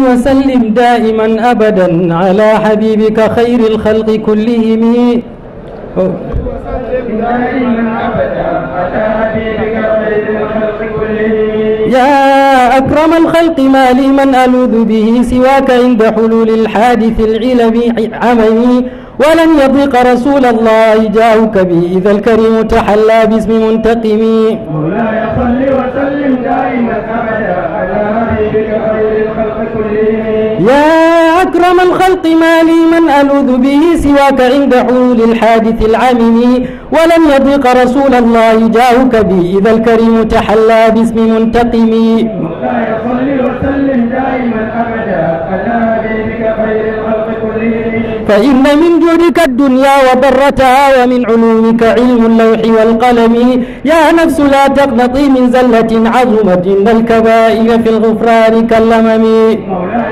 وسلم دائما أبدا على حبيبك خير الخلق كلهم يا أكرم الخلق ما لي من ألوذ به سواك عند حلول الحادث العلم عمي ولن يضيق رسول الله جاءك بي إذا الكريم تحلى باسم منتقم مولاي صل وسلم دائما أبدا على حبيبك خير الخلق ما لي من ألوذ به سواك عند حلول الحادث العمم ولم يضيق رسول الله جاهك بي إذا الكريم تحلى باسم منتقم مولاي وسلم دائما أبدا خير الخلق فإن من جودك الدنيا وبرتها ومن علومك علم اللوح والقلم يا نفس لا تقنطي من زلة عظمت إن الكبائر في الغفران كاللمم مولاي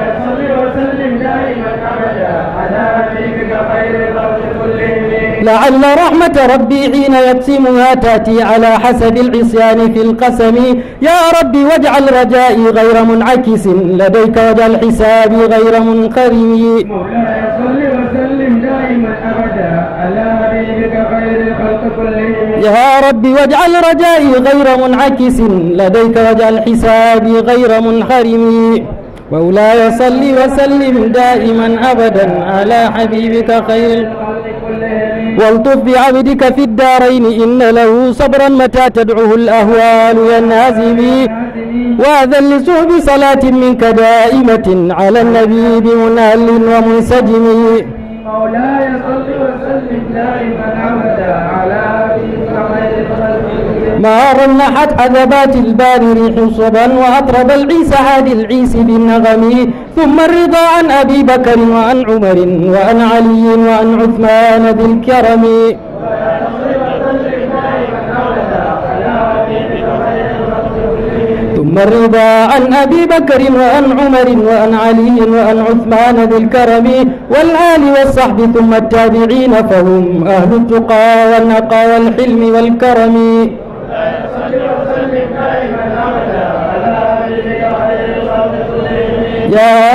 لعل رحمة ربي حين يقسمها تأتي على حسب العصيان في القسم يا ربي واجعل رجائي غير منعكس لديك وجه حسابي غير منقرم مولاي وسلم دائما أبدا على حبيبك خير الخلق كلهم يا ربي واجعل رجائي غير منعكس لديك واجعل حسابي غير منحرم مولاي صل وسلم دائما أبدا على حبيبك خير والطف بعبدك في الدارين إن له صبرا متى تدعه الأهوال ينهزم وأذل لسوء صلاة منك دائمة على النبي بمنال ومنسجم مولاي صل وسلم دائما أبدا على ما رنحت عذبات البار ريح صبا وأطرب العيس هادي العيس بالنغم ثم الرضا عن أبي بكر وعن عمر وعن علي وعن عثمان ذي الكرم ثم الرضا عن أبي بكر وعن عمر وعن علي وعن عثمان ذي الكرم والآل والصحب ثم التابعين فهم أهل التقى والنقى والحلم والكرم يا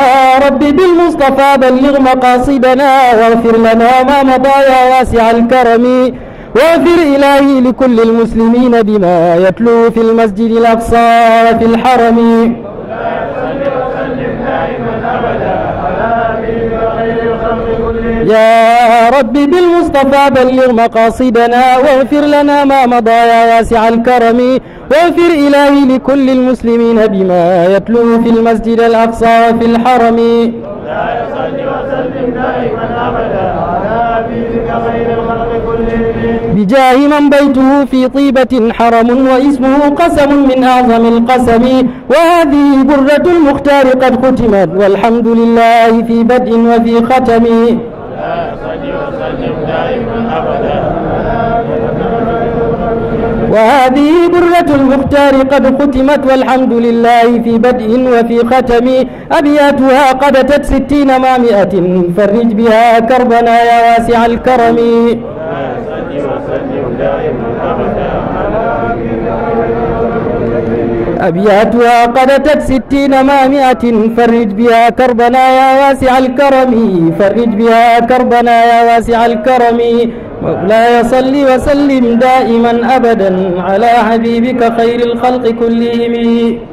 رب بالمصطفى بلغ مقاصدنا واغفر لنا ما مضى يا واسع الكرم واغفر إلهي لكل المسلمين بما يتلو في المسجد الأقصى وفي الحرم يا رب بالمصطفى بلغ مقاصدنا واغفر لنا ما مضى يا واسع الكرم واغفر إلهي لكل المسلمين بما يتلوه في المسجد الأقصى وفي الحرم لا يصلي وسلم دائما أبدا على أبيك خير الخلق كلهم بجاه من بيته في طيبة حرم واسمه قسم من أعظم القسم وهذه برة المختار قد ختمت والحمد لله في بدء وفي ختم لا يصلي وسلم دائما أبدا أبيات المختار قد ختمت والحمد لله في بدء وفي ختم أبياتها قد تت ستين ما مئة فرج بها كربنا يا واسع الكرم أبياتها قد أتت ستين ما مئة فرج بها كربنا يا واسع الكرم فرج بها كربنا يا واسع الكرم مولاي يصلي وسلم دائما أبدا على حبيبك خير الخلق كلهم